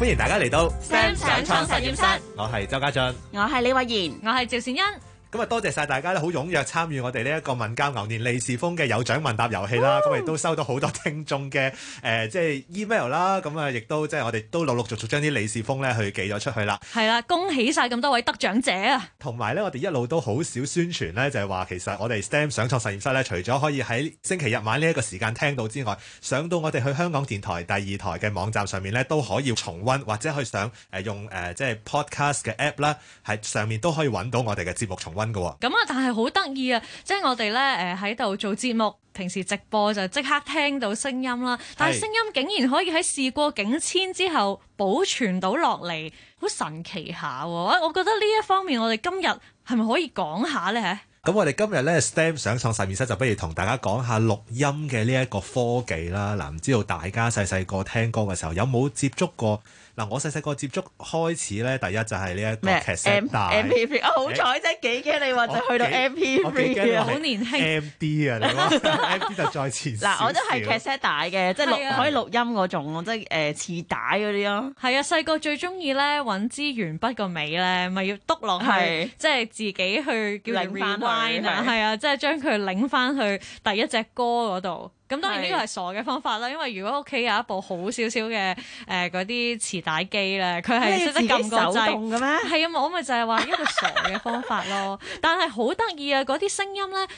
歡迎大家嚟到 Sam 上創實驗室，我係周家俊，我係李慧妍，我係趙善恩。咁啊，多謝晒大家咧，好踴躍參與我哋呢一個民間牛年利是封嘅有獎問答遊戲啦。咁亦都收到好多聽眾嘅誒、呃，即係 email 啦。咁啊，亦都即係我哋都陸陸續續將啲利是封咧去寄咗出去啦。係啦，恭喜晒咁多位得獎者啊！同埋咧，我哋一路都好少宣傳咧，就係、是、話其實我哋 STEM 上創實驗室咧，除咗可以喺星期日晚呢一個時間聽到之外，上到我哋去香港電台第二台嘅網站上面咧，都可以重溫，或者去上誒用誒、呃、即係 podcast 嘅 app 啦、啊，喺上面都可以揾到我哋嘅節目重溫。咁啊！但係好得意啊，即係我哋呢誒喺度做節目，平時直播就即刻聽到聲音啦。但係聲音竟然可以喺事過境遷之後保存到落嚟，好神奇下。我我覺得呢一方面，我哋今日係咪可以講下呢？咁我哋今日呢 STEM 想創實驗室，就不如同大家講下錄音嘅呢一個科技啦。嗱，唔知道大家細細個聽歌嘅時候，有冇接觸過？嗱，我細細個接觸開始咧，第一就係呢一個劇 set 帶。好彩即啫，幾驚你話就去到 M P 3，好年輕 M D 啊！M D 就再前。嗱，我都係劇 set 帶嘅，即係錄可以錄音嗰種，即係誒磁帶嗰啲咯。係啊，細個最中意咧揾支鉛筆個尾咧，咪要篤落去，即係自己去叫擰翻。係啊，即係將佢擰翻去第一隻歌嗰度。咁當然呢個係傻嘅方法啦，因為如果屋企有一部好少少嘅誒嗰啲磁帶機咧，佢係識得撳個掣，係啊，我咪就係話一個傻嘅方法咯。 但係好得意啊，嗰啲聲音咧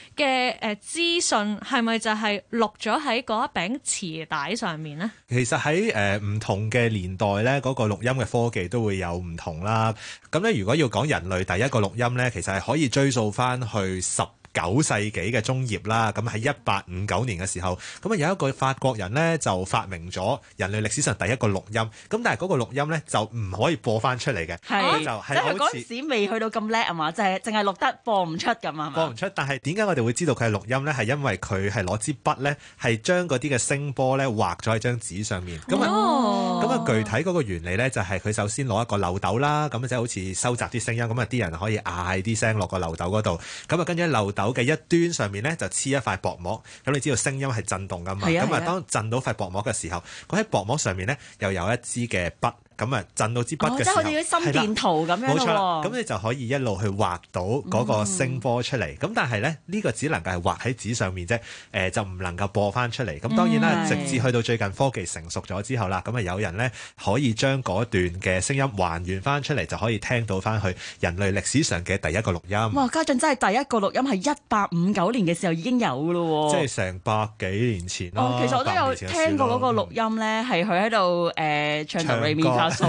嘅誒資訊係咪就係錄咗喺嗰一柄磁帶上面呢？其實喺誒唔同嘅年代咧，嗰個錄音嘅科技都會有唔同啦。咁咧，如果要講人類第一個錄音咧，其實係可以追溯翻去十九世紀嘅中葉啦，咁喺一八五九年嘅時候，咁啊有一個法國人呢就發明咗人類歷史上第一個錄音，咁但係嗰個錄音呢，就唔可以播翻出嚟嘅是，就係好似嗰陣時未去到咁叻啊嘛，就係淨係錄得播唔出咁啊嘛。播唔出，但係點解我哋會知道佢係錄音呢？係因為佢係攞支筆呢，係將嗰啲嘅聲波呢畫咗喺張紙上面，咁啊。哦。咁啊，哦、具體嗰個原理咧，就係佢首先攞一個漏斗啦，咁就好似收集啲聲音，咁啊啲人可以嗌啲聲落個漏斗嗰度，咁啊跟住喺漏斗嘅一端上面咧，就黐一塊薄膜，咁你知道聲音係震動噶嘛，咁啊，啊當震到塊薄膜嘅時候，佢喺薄膜上面咧又有一支嘅筆。咁啊，震到支筆嘅時候，即好似啲心電圖咁樣，係啦、哦，冇了錯，咁、嗯、你就可以一路去畫到嗰個聲波出嚟。咁、嗯、但係咧，呢、這個只能夠係畫喺紙上面啫，誒、呃、就唔能夠播翻出嚟。咁當然啦，嗯、直至去到最近科技成熟咗之後啦，咁啊有人咧可以將嗰段嘅聲音還原翻出嚟，就可以聽到翻去人類歷史上嘅第一個錄音。哇！家俊真係第一個錄音係一八五九年嘅時候已經有㗎咯，即係成百幾年前啦、啊哦。其實我都有聽過嗰個錄音咧，係佢喺度誒唱歌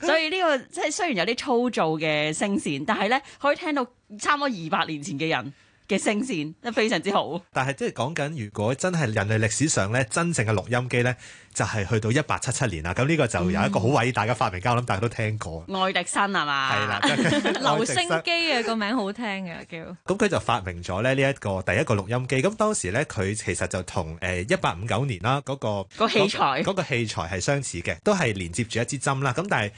所以呢個即係雖然有啲粗糙嘅聲線，但係呢可以聽到差唔多二百年前嘅人嘅聲線，都非常之好。 但係即係講緊，如果真係人類歷史上呢，真正嘅錄音機呢。就係去到一八七七年啦，咁呢個就有一個好偉大嘅發明家，我諗大家都聽過。愛、嗯、 迪生係嘛？係啦，留 聲機嘅個名好聽嘅叫。咁佢 就發明咗咧呢一個第一個錄音機。咁當時咧，佢其實就同誒一八五九年啦、那、嗰、個，那個那個器材，嗰器材係相似嘅，都係連接住一支針啦。咁但係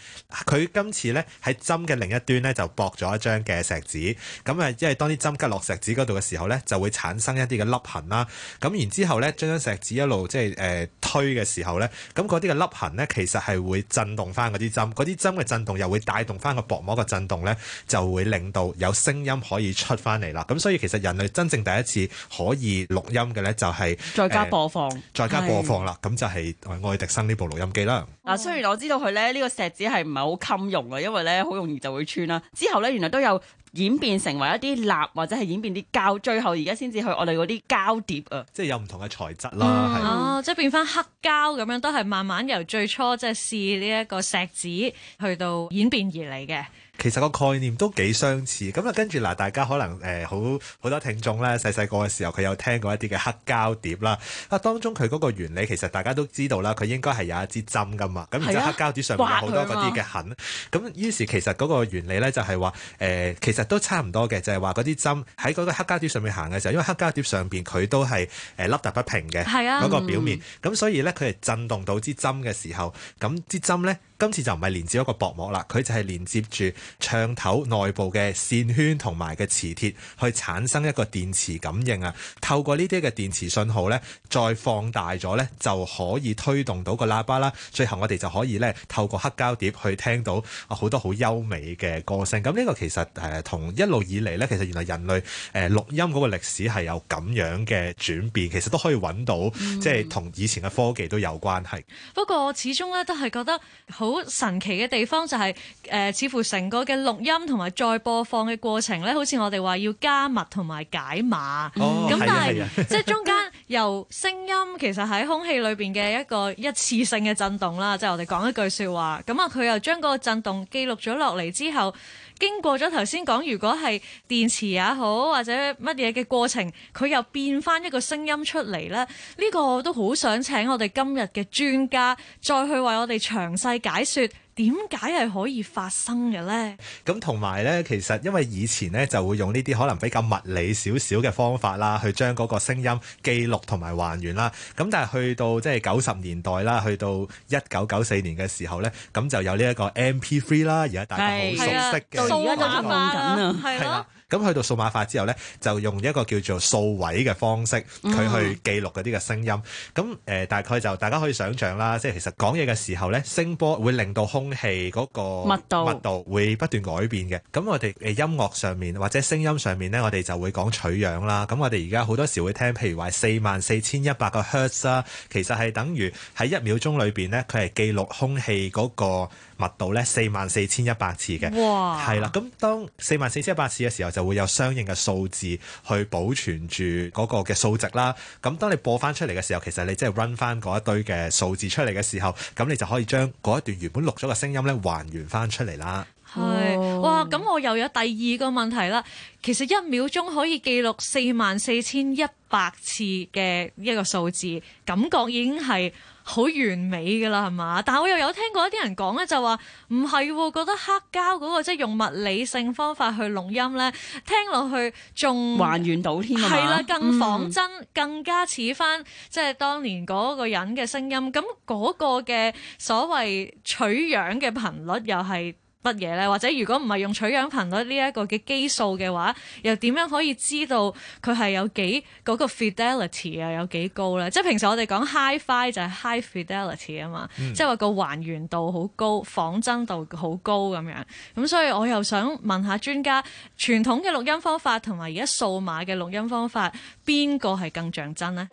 佢今次咧，喺針嘅另一端咧就駁咗一張嘅錫紙。咁啊，因為當啲針吉落錫紙嗰度嘅時候咧，就會產生一啲嘅凹痕啦。咁然後之後咧，將張錫紙一路即係誒、呃、推嘅時候。後咧，咁嗰啲嘅凹痕咧，其實係會震動翻嗰啲針，嗰啲針嘅震動又會帶動翻個薄膜嘅震動咧，就會令到有聲音可以出翻嚟啦。咁所以其實人類真正第一次可以錄音嘅咧，就是，就係再加播放，呃、再加播放啦。咁是就係愛迪生呢部錄音機啦。嗱，雖然我知道佢咧呢個錫紙係唔係好襟用啊，因為咧好容易就會穿啦。之後咧原來都有。演變成為一啲蠟或者係演變啲膠，最後而家先至去我哋嗰啲膠碟啊！即係有唔同嘅材質啦，係、嗯啊啊、即係變翻黑膠咁樣，都係慢慢由最初即係試呢一個錫紙去到演變而嚟嘅。其實個概念都幾相似，咁、嗯、啊、嗯、跟住嗱，大家可能誒、呃、好好多聽眾咧，細細個嘅時候佢有聽過一啲嘅黑膠碟啦。啊，當中佢嗰個原理其實大家都知道啦，佢應該係有一支針㗎嘛，咁、啊、就、啊、黑膠碟上面有好多嗰啲嘅痕。咁、啊、於是其實嗰個原理咧就係話誒，其實都差唔多嘅，就係話嗰啲針喺嗰個黑膠碟上面行嘅時候，因為黑膠碟上邊佢都係誒、呃、凹凸不平嘅嗰個表面，咁、嗯、所以呢，佢係震動到支針嘅時候，咁支針呢。今次就唔係連接一個薄膜啦，佢就係連接住唱頭內部嘅線圈同埋嘅磁鐵去產生一個電磁感應啊。透過呢啲嘅電磁信號咧，再放大咗咧，就可以推動到個喇叭啦。最後我哋就可以咧透過黑膠碟去聽到啊好多好優美嘅歌聲，咁呢個其實誒同、呃、一路以嚟咧，其實原來人類誒錄、呃、音嗰個歷史係有咁樣嘅轉變，其實都可以揾到、嗯、即係同以前嘅科技都有關係，不過我始終咧都係覺得。好神奇嘅地方就係、是，誒、呃，似乎成個嘅錄音同埋再播放嘅過程咧，好似我哋話要加密同埋解碼。咁、哦、但係， 即係中間由聲音其實喺空氣裏邊嘅一個一次性嘅震動啦，即、就、係、是、我哋講一句説話，咁啊，佢又將個震動記錄咗落嚟之後。經過咗頭先講，如果係電池也好，或者乜嘢嘅過程，佢又變翻一個聲音出嚟呢。呢個我都好想請我哋今日嘅專家再去為我哋詳細解説。點解係可以發生嘅咧？咁同埋咧，其實因為以前咧就會用呢啲可能比較物理少少嘅方法啦，去將嗰個聲音記錄同埋還原啦。咁但係去到即係九十年代啦，去到一九九四年嘅時候咧，咁就有呢一個 MP3 啦，而家大家好熟悉嘅。到而家就數碼啦，係啦。咁去到數碼化之後咧，就用一個叫做數位嘅方式，佢去記錄啲嘅聲音。咁誒、嗯啊、大概就大家可以想象啦，即係其實講嘢嘅時候咧，聲波會令到空。空氣嗰、那個密度，密度會不斷改變嘅，咁我哋誒音樂上面或者聲音上面呢，我哋就會講取樣啦。咁我哋而家好多時會聽，譬如話四萬四千一百個 Hertz 啦，其實係等於喺一秒鐘裏邊呢，佢係記錄空氣嗰個密度呢，四萬四千一百次嘅。哇！係啦，咁當四萬四千一百次嘅時候，就會有相應嘅數字去保存住嗰個嘅數值啦。咁當你播翻出嚟嘅時候，其實你即係 run 翻嗰一堆嘅數字出嚟嘅時候，咁你就可以將嗰一段原本錄咗聲音咧還原翻出嚟啦，係、oh. 哇！咁我又有第二個問題啦。其實一秒鐘可以記錄四萬四千一百次嘅一個數字，感覺已經係。好完美㗎啦，係嘛？但係我又有聽過一啲人講咧，就話唔係，覺得黑膠嗰、嗰個即係用物理性方法去錄音咧，聽落去仲還，還原到添，係啦吧，更仿真，更加似翻即係當年嗰個人嘅聲音。咁嗰個嘅所謂取樣嘅頻率又係乜嘢咧？或者如果唔係用取樣頻率呢一個嘅基數嘅話，又點樣可以知道佢係有幾嗰、嗰個 fidelity 啊有幾高咧？即係平時我哋講 high fi 就係 high fidelity 啊嘛，即係話個還原度好高、仿真度好高咁樣。咁所以我又想問下專家，傳統嘅錄音方法同埋而家數碼嘅錄音方法，邊個係更像真呢？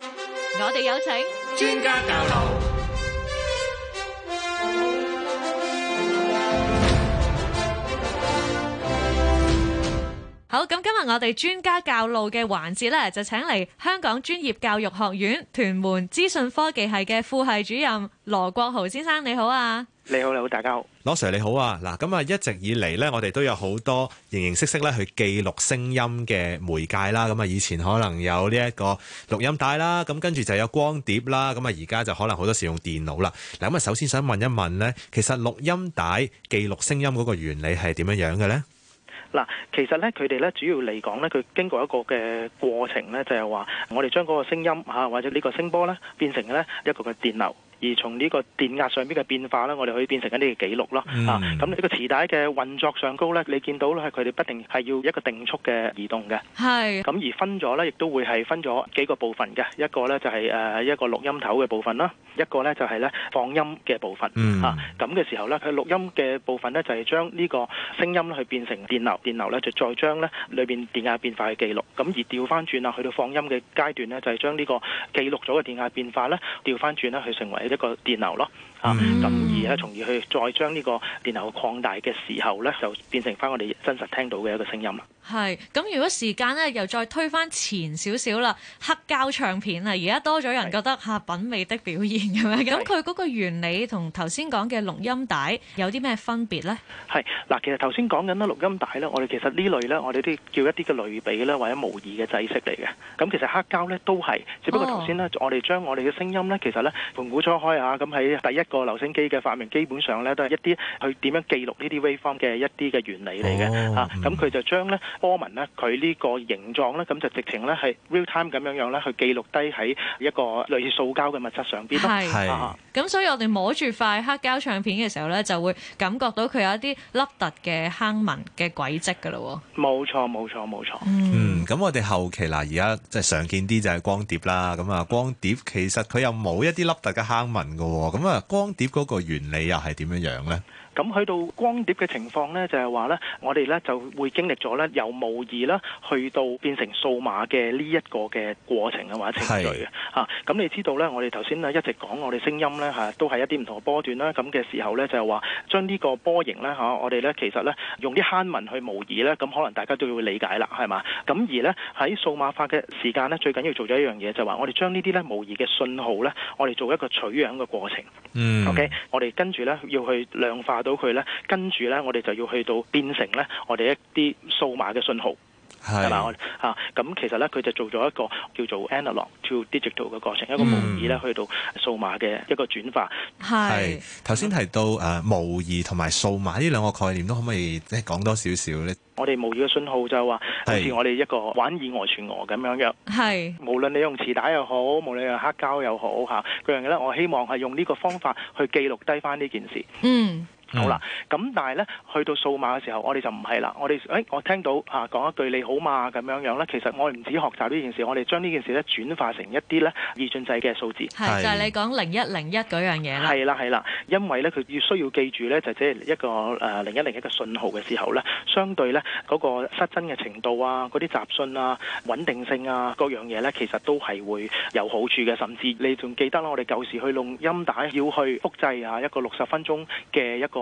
我哋有請專家教路。好，咁今日我哋專家教路嘅環節咧，就請嚟香港專業教育學院屯門資訊科技系嘅副系主任羅國豪先生，你好啊！你好，你好，大家好，羅 Sir，你好啊！嗱，咁啊一直以嚟咧，我哋都有好多形形色色咧去記錄聲音嘅媒介啦。咁啊，以前可能有呢一個錄音帶啦，咁跟住就有光碟啦。咁啊，而家就可能好多時用電腦啦。嗱，咁啊，首先想問一問咧，其實錄音帶記錄聲音嗰個原理係點樣樣嘅咧？嗱，其實咧，佢哋咧主要嚟講咧，佢經過一個嘅過程咧，就係話我哋將嗰個聲音嚇或者呢個聲波咧變成咧一個嘅電流。而從呢個電壓上邊嘅變化咧，我哋可以變成一啲嘅記錄咯。啊，咁呢個磁帶嘅運作上高咧，你見到咧係佢哋不定係要一個定速嘅移動嘅。係。咁而分咗咧，亦都會係分咗幾個部分嘅，一個咧就係誒一個錄音頭嘅部分啦，一個咧就係咧放音嘅部分。嗯。啊，咁嘅時候咧，佢錄音嘅部分咧就係將呢個聲音咧去變成電流，電流咧就再將咧裏邊電壓變化嘅記錄。咁而調翻轉啊，去到放音嘅階段咧，就係將呢個記錄咗嘅電壓變化咧調翻轉咧去成為。一個電腦咯。咁而咧，mm hmm. 從而去再將呢個電流擴大嘅時候咧，就變成翻我哋真實聽到嘅一個聲音。係，咁如果時間咧又再推翻前少少啦，黑膠唱片啊，而家多咗人覺得嚇是、啊、品味的表現咁樣。咁佢嗰個原理同頭先講嘅錄音帶有啲咩分別咧？係嗱，其實頭先講緊咧錄音帶咧，我哋其實呢類咧，我哋都叫一啲嘅類比咧或者模擬嘅製式嚟嘅。咁其實黑膠咧都係，只不過頭先咧我哋將我哋嘅聲音咧，其實咧盤古初開啊，咁喺第一。個留聲機嘅發明基本上咧，都係一啲去點樣記錄呢啲 waveform 嘅一啲嘅原理嚟嘅嚇，咁佢就將咧，波紋咧佢呢個形狀咧，咁就直情咧係 real time 咁樣樣咧，去記錄低喺一個類似塑膠嘅物質上邊咯。係係。咁所以我哋摸住塊黑膠唱片嘅時候咧，就會感覺到佢有一啲凹凸嘅坑紋嘅軌跡㗎咯。冇錯冇錯冇錯。嗯，咁我哋後期嗱，而家即係常見啲就係光碟啦。咁啊，光碟其實佢又冇一啲凹凸嘅坑紋㗎喎。咁啊光光碟嗰個原理又係點樣樣咧？咁去到光碟嘅情況咧，就係話咧，我哋咧就會經歷咗咧由模擬啦，去到變成數碼嘅呢一個嘅過程啊或者程序啊嚇。咁你知道咧，我哋頭先咧一直講我哋聲音咧嚇都係一啲唔同嘅波段啦。咁嘅時候咧就係話將呢個波形咧嚇，我哋咧其實咧用啲坑紋去模擬咧，咁可能大家都要理解啦，係嘛？咁而咧喺數碼化嘅時間咧，最緊要做咗一樣嘢就係話，我哋將呢啲咧模擬嘅信號咧，我哋做一個取樣嘅過程。嗯。OK，我哋跟住咧要去量化。到佢咧，跟住咧，我哋就要去到變成咧，我哋一啲數碼嘅信號，係嘛嚇？咁其實咧，佢就做咗一個叫做 analog to digital 嘅過程，一個模擬咧去到數碼嘅一個轉化。係頭先提到誒模擬同埋數碼呢兩個概念，都可唔可以即係講多少少咧？我哋模擬嘅信號就係話，好似我哋一個玩意外存鵝咁樣嘅，係無論你用磁帶又好，無論用黑膠又好嚇，佢樣嘢咧，我希望係用呢個方法去記錄低翻呢件事。嗯。好啦，咁但係咧，去到數碼嘅時候，我哋就唔係啦。我哋誒，我聽到啊，講一句你好嘛咁樣樣咧，其實我哋唔止學習呢件事，我哋將呢件事咧轉化成一啲咧二進制嘅數字，係就係你講零一零一嗰樣嘢啦。係啦係啦，因為咧佢要需要記住咧，就即係一個誒零一零一嘅信號嘅時候咧，相對咧嗰個失真嘅程度啊，嗰啲雜訊啊、穩定性啊各樣嘢咧，其實都係會有好處嘅，甚至你仲記得啦，我哋舊時去弄音帶要去複製吓一個六十分鐘嘅一個。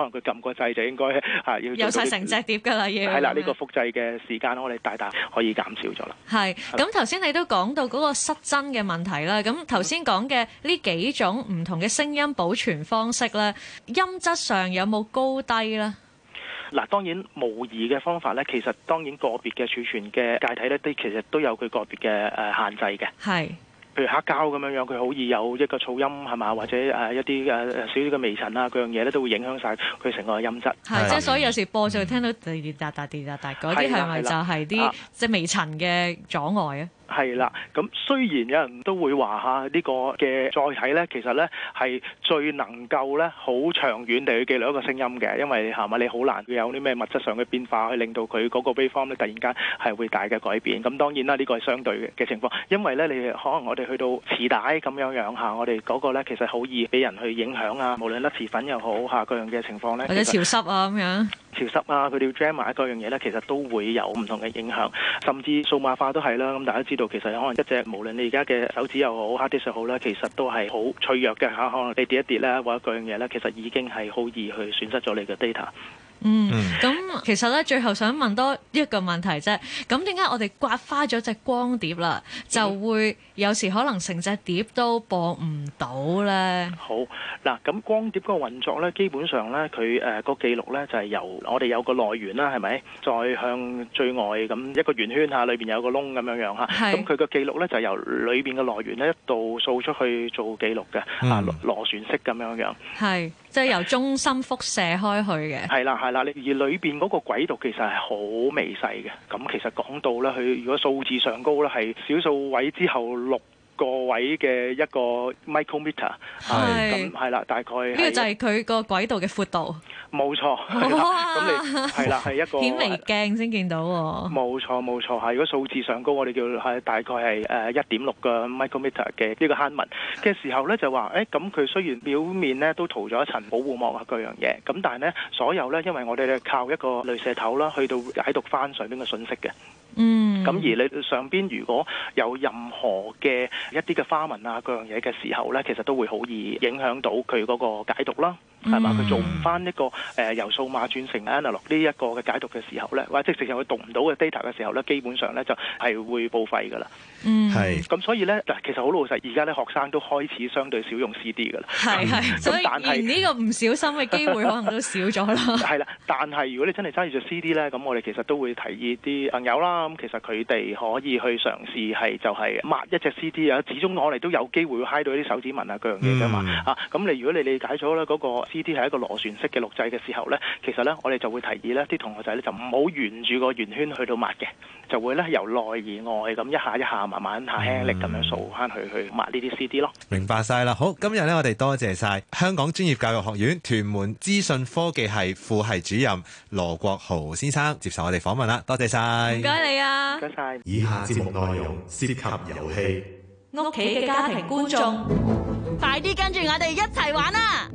可能佢撳個掣就應該嚇要有曬成隻碟噶啦，已經係啦，呢個複製嘅時間我哋大大可以減少咗啦。係，咁頭先你都講到嗰個失真嘅問題啦。咁頭先講嘅呢幾種唔同嘅聲音保存方式咧，音質上有冇高低咧？嗱，當然模擬嘅方法咧，其實當然個別嘅儲存嘅介體咧，都其實都有佢個別嘅誒限制嘅。係。譬如黑膠咁樣樣，佢好易有一個噪音係嘛，或者誒、呃、一啲誒少少嘅微塵啊，嗰樣嘢咧都會影響晒佢成個音質。係的，即係、嗯、所以有時播上去聽到滴滴答答滴答答，嗰啲係咪，打打咪打打就係啲即係微塵嘅阻礙啊？係啦，咁雖然有人都會話嚇、這個、呢個嘅載體咧，其實咧係最能夠咧好長遠地去記錄一個聲音嘅，因為嚇嘛，你好難有啲咩物質上嘅變化去令到佢嗰個碑 f o 突然間係會大嘅改變。咁當然啦，呢、這個係相對嘅情況，因為咧你可能我哋去到磁帶咁樣樣嚇，我哋嗰個咧其實好易俾人去影響啊，無論甩磁粉又好嚇，各樣嘅情況咧，或者潮濕啊咁實樣。潮濕啊，佢哋要 drama 各樣嘢呢，其實都會有唔同嘅影響，甚至數碼化都係啦。咁大家知道，其實可能一隻無論你而家嘅手指又好 hard disk 又好啦，其實都係好脆弱嘅嚇、啊。可能你跌一跌咧，或者各樣嘢呢，其實已經係好易去損失咗你嘅 data。嗯，嗯嗯。其實咧，最後想問多一個問題啫。咁點解我哋刮花咗隻光碟啦，就會有時可能成隻碟都播唔到咧？好嗱，咁光碟嗰個運作咧，基本上咧，佢誒個記錄咧就係由我哋有個內圓啦，係咪？再向最外咁一個圓圈吓，裏邊有個窿咁樣樣吓。咁佢個記錄咧就由裏邊嘅內圓咧一度掃出去做記錄嘅，啊螺旋式咁樣樣。係，即係由中心輻射開去嘅。係啦，係啦，而裏邊。嗰個軌道其實係好微細嘅，咁其實講到咧，佢如果數字上高咧，係小數位之後六個位嘅一個 micrometer，咁係啦是，大概呢個就係佢個軌道嘅闊度。冇錯，咁哇你係啦，係一個 顯微鏡先見到喎。冇錯，冇錯，係如果數字上高，我哋叫係大概係誒一點六個 micrometer 嘅呢個坑紋嘅時候咧，就話誒咁佢雖然表面咧都塗咗一層保護膜啊各樣嘢，咁但係咧所有咧，因為我哋咧靠一個雷射頭啦，去到解讀翻上邊嘅信息嘅。嗯。咁而你上邊如果有任何嘅一啲嘅花紋啊各樣嘢嘅時候咧，其實都會好易影響到佢嗰個解讀啦。係嘛？佢、嗯、做唔翻一個誒、呃、由數碼轉成 analog 呢一個嘅解讀嘅時候咧，或者直情實佢讀唔到嘅 data 嘅時候咧，基本上咧就係會報廢㗎啦。嗯，係。咁所以咧嗱，其實好老實，而家咧學生都開始相對少用 CD 㗎啦。所以但係是呢個唔小心嘅機會可能都少咗啦。係啦， 但係如果你真係揸住咗 CD 咧，咁我哋其實都會提議啲朋友啦。咁其實佢哋可以去嘗試係就係抹一隻 CD 啊，始終講嚟都有機會嗨到啲手指紋啊，各樣嘢㗎嘛。嗯、啊，咁你如果你理解咗咧嗰個。C D 係一個螺旋式嘅錄製嘅時候呢，其實呢，我哋就會提議呢啲同學仔呢，就唔好沿住個圓圈去到抹嘅，就會呢由內而外咁一下一下慢慢下輕力咁樣掃翻去去抹呢啲 C D 咯。嗯、明白晒啦，好，今日呢，我哋多謝晒香港專業教育學院屯門資訊科技系副系主任羅國豪先生接受我哋訪問啦，多謝晒。唔該你啊，唔該晒。以下節目內容涉及遊戲，屋企嘅家庭觀眾， 快啲跟住我哋一齊玩啦！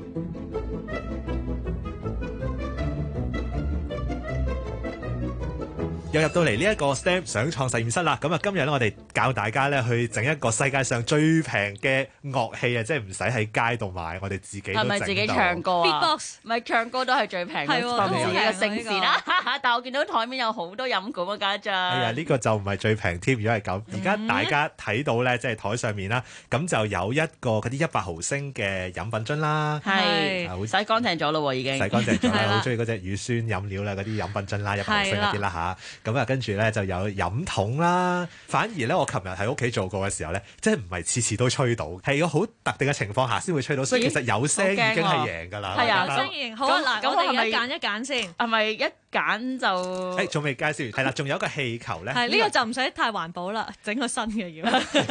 又入到嚟呢一個 STEM 想創實驗室啦！咁啊，今日咧我哋教大家咧去整一個世界上最平嘅樂器啊！即係唔使喺街度買，我哋自己係咪自己唱歌啊？咪唱歌都係最平嘅，我哋自己嘅聲線啦！但我見到台面有好多飲管啊，家陣。哎呀，呢個就唔係最平添，如果係咁，而家大家睇到咧，即係台上面啦，咁就有一個嗰啲一百毫升嘅飲品樽啦，係好洗乾淨咗咯，已經洗乾淨咗啦！好中意嗰隻乳酸飲料啦，嗰啲飲品樽啦，一百毫升嗰啲啦嚇。咁啊，跟住咧就有飲筒啦。反而咧，我琴日喺屋企做過嘅時候咧，即係唔係次次都吹到，係個好特定嘅情況下先會吹到。所以其實有聲已經係贏㗎啦。係啊，所以好啊！嗱，咁我一揀一揀先，係咪一揀就？仲未介紹完，係啦，仲有個氣球咧。係呢個就唔使太環保啦，整個新嘅要要乾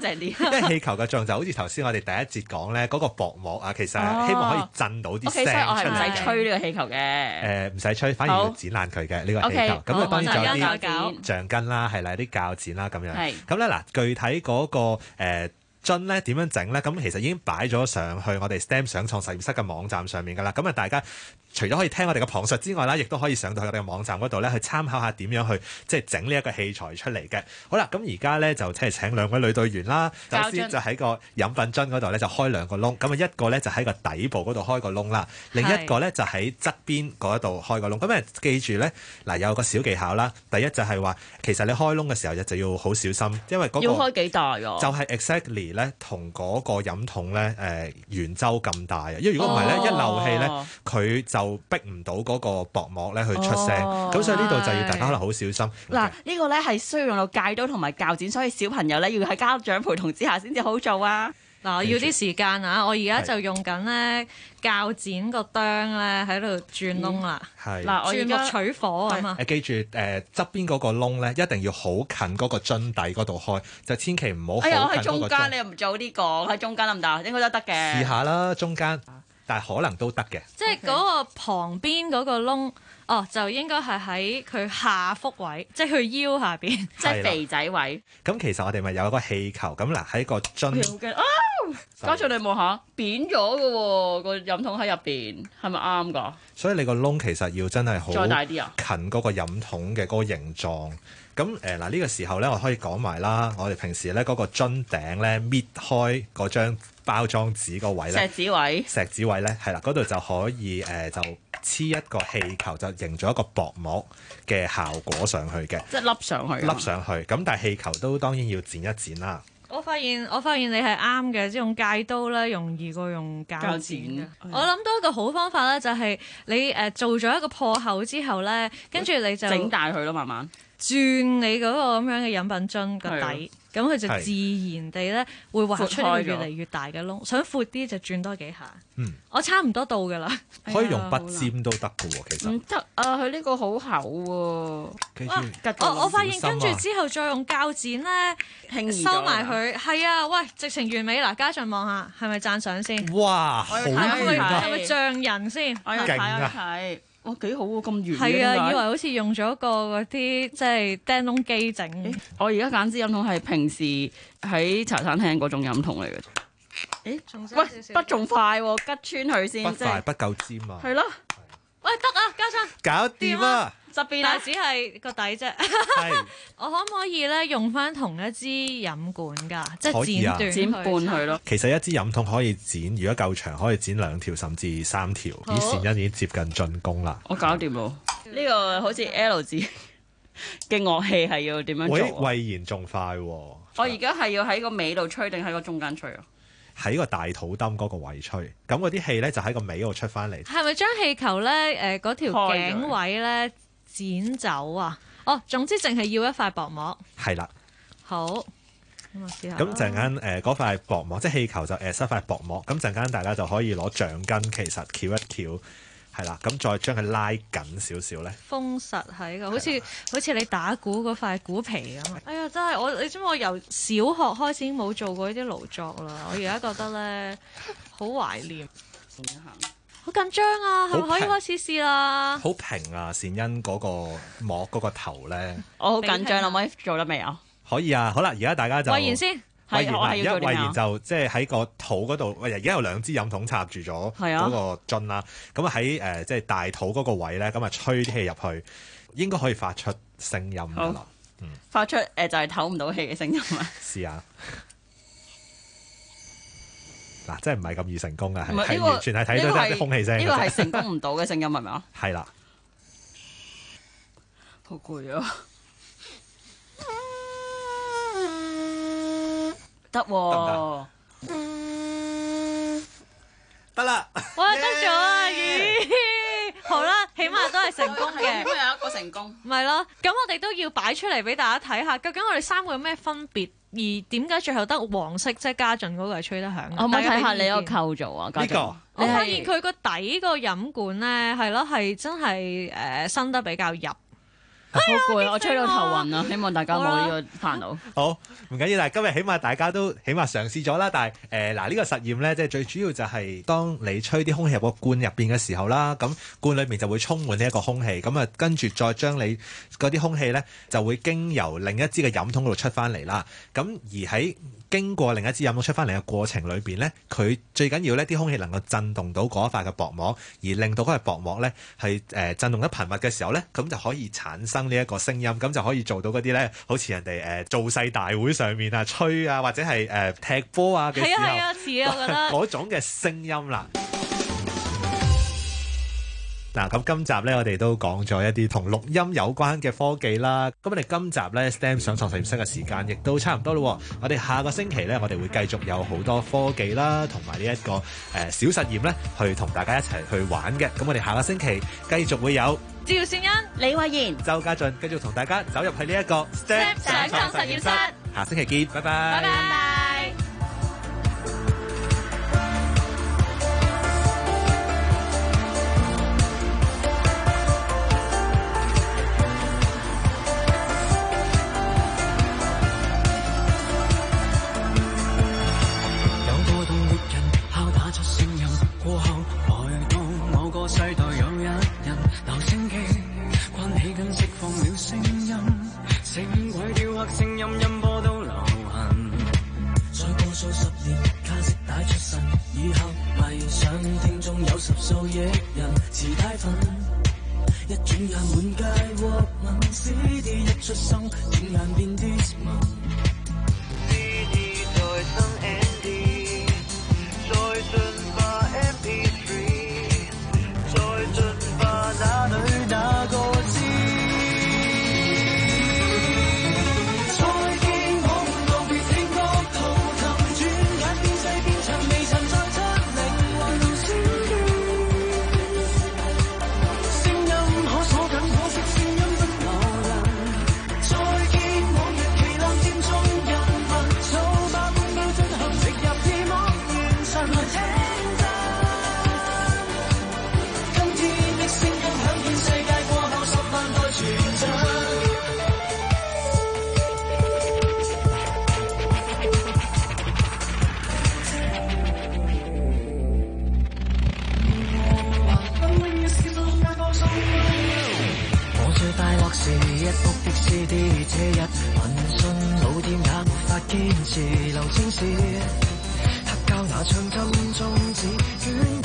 淨啲。即係氣球嘅狀就好似頭先我哋第一節講咧嗰個薄膜啊，其實希望可以震到啲聲，唔使吹呢個氣球嘅。誒，唔使吹，反而要剪爛佢嘅呢個氣。咁啊，嗯、好當然仲有啲橡筋啦，係、嗯、啦，啲鉸剪啦，咁樣。咁咧嗱，具體嗰、嗰個樽咧點樣整咧？咁其實已經擺咗上去我哋 STEM 想創實驗室嘅網站上面噶啦。咁啊，大家～除咗可以聽我哋嘅旁述之外啦，亦都可以上到去我哋嘅網站嗰度咧，去參考下點樣去即係整呢一個器材出嚟嘅。好啦，咁而家咧就即係請請兩位女隊員啦，進首先就喺個飲品樽嗰度咧就開兩個窿，咁啊一個咧就喺個底部嗰度開個窿啦，另一個咧就喺側邊嗰度開個窿。咁啊是，記住咧嗱，有個小技巧啦。第一就係話，其實你開窿嘅時候咧就要好小心，因為嗰個要開幾大㗎，就係 exactly 咧同嗰個飲桶咧誒圓周咁大嘅。因為如果唔係咧，一漏氣咧佢就、哦逼唔到嗰個薄膜咧去出聲，咁、哦、所以呢度就要大家可能好小心。嗱是，Okay. 個呢個咧係需要用到戒刀同埋鉸剪，所以小朋友咧要喺家長陪同之下先至好做啊。嗱住，要啲時間啊，我而家就用緊咧鉸剪個㞞咧喺度轉窿啦。係、嗯，鑽木、啊、取火啊！誒在，嗎記住誒，側、呃、邊嗰個窿咧一定要好近嗰個樽底嗰度開，就千祈唔好。哎呀，喺中間，你又唔做呢講喺中間得唔得？應該都得嘅。試下啦，中間。但係可能都得嘅，即係嗰個旁邊嗰個窿，Okay. 哦，就應該係喺佢下腹位，即係佢腰下邊，即係 肥仔位。咁其實我哋咪有一個氣球，咁嗱喺個樽，嘅噢。以加上你望下扁咗㗎喎，個飲桶喺入邊，係咪啱噶？所以你個窿其實要真係好再大啲啊，近嗰個飲桶嘅嗰個形狀。咁誒嗱呢個時候咧，我可以講埋啦。我哋平時咧嗰、那個樽頂咧搣開嗰張包裝紙個位咧，錫紙位，錫紙位咧，係啦，嗰度就可以誒、呃、就黐一個氣球，就形成一個薄膜嘅效果上去嘅，即係笠上，上去，笠上去。咁但係氣球都當然要剪一剪啦。我發現，我發現你係啱嘅，即用戒刀咧容易過用鉸剪。錢我諗到一個好方法咧，就係、是、你誒、呃、做咗一個破口之後咧，跟住你就整大佢咯，慢慢轉你嗰個咁樣嘅飲品樽個底。咁佢就自然地咧，會畫出一個越嚟越大嘅窿，想闊啲就轉多幾下。嗯，我差唔多到㗎啦。可以用筆尖都得嘅喎，其實。唔得啊！佢呢個好厚喎。我我發現跟住之後再用鉸剪咧平收埋佢，係啊！喂，直情完美嗱！加上望下，係咪讚賞先？哇！好開心，係咪像人先？我睇一睇。哦，幾好喎！咁圓嘅，係啊，以為好似用咗個嗰啲即係釘窿機整。欸、我而家揀支飲筒係平時喺茶餐廳嗰種飲筒嚟嘅。誒、欸，喂，喂，不仲快喎，啊，吉穿佢先，即係不快不夠尖啊。係咯，啊，喂，得啊，加俊，搞掂啊！特別係只係個底啫。是 我可唔可以咧用翻同一支飲管㗎？即係以、啊、剪斷剪半佢咯。其實一支飲筒可以剪，如果夠長可以剪兩條甚至三條。以前因已經接近進攻啦。我搞掂啦，呢個好似 L 字嘅樂器係要點樣做喂，胃炎仲快、啊。我而家係要喺個尾度吹定喺個中間吹啊？喺個大肚墩嗰個位吹，咁嗰啲氣咧就喺個尾度出翻嚟。係咪將氣球咧？誒、呃、嗰條頸位咧？剪走啊！哦、oh，總之淨係要一塊薄膜。係啦了。好，咁我試，試下。咁陣間誒嗰塊薄膜，即係氣球就誒塞、呃、塊薄膜。咁陣間大家就可以攞橡筋，其實翹一翹係啦。咁再將佢拉緊少少咧，封實喺、個了好似好似你打鼓嗰塊鼓皮咁了哎呀，真係我你知唔知我由小學開始已經冇做過呢啲勞作啦？我而家覺得咧好懷念。 好緊張啊！係咪平可以開始試啦？好平啊！善恩嗰個摸、嗰嗰個頭咧，我好緊張啊！啊我可以做得未啊？可以啊！好啦，而家大家就魏然先，魏然，然就即係喺個肚嗰度，而家有兩支飲筒插住咗嗰個樽啦。咁在啊喺誒，即係大肚嗰個位咧，咁啊吹啲氣入去，應該可以發出聲音噶好、嗯、發出誒、呃，就係唞唔到氣嘅聲音啊！是啊。嗱、啊，真係唔係咁易成功嘅，係是完全係睇到啲空氣聲。呢個係、這個、成功唔到嘅聲音，係咪 啦啊？係啦，好攰啊！得得啦。 都係成功嘅，咁啊有一個成功。 唔係咯，咁我哋都要擺出嚟俾大家睇下，究竟我哋三個有咩分別，而點解最後得黃色即係家俊嗰個係吹得響？我咪睇下你個構造啊，家俊。呢、這個， 我發現佢個底個飲管咧，係咯，係真係誒、呃、伸得比較入。啊、好攰累，我吹到頭暈啊！ 希望大家冇呢個煩惱。好，唔緊要，但今日起碼大家都起碼嘗試咗啦。但係誒嗱，呢、呃這個實驗呢，即係最主要就係、是、當你吹啲空氣入個罐入邊嘅時候啦，咁罐裏面就會充滿呢一個空氣。咁啊，跟住再將你嗰啲空氣呢，就會經由另一支嘅飲筒嗰度出翻嚟啦。咁而喺經過另一支飲筒出翻嚟嘅過程裏邊呢，佢最緊要呢啲空氣能夠震動到嗰一塊嘅薄膜，而令到嗰塊薄膜呢，係誒震動得頻密嘅時候呢，咁就可以產生。呢一個聲音，咁就可以做到嗰啲呢，好似人哋誒造勢大會上面啊，吹啊，或者係誒踢波啊嘅時候，係啊，係啊，我覺得嗰種嘅聲音啦。嗱，咁今集呢，我哋都講咗一啲同錄音有關嘅科技啦。咁我哋今集呢 STEM 上創實驗室嘅時間亦都差唔多啦。我哋下個星期呢，我哋會繼續有好多科技啦，同埋呢一個誒小實驗呢，去同大家一齊去玩嘅。咁我哋下個星期繼續會有。趙善恩、李慧賢、周家俊，繼續同大家走入去呢一個 Step, Step 上創實驗室，下星期見，拜拜，拜拜。堅持留青史，黑膠那唱針終止。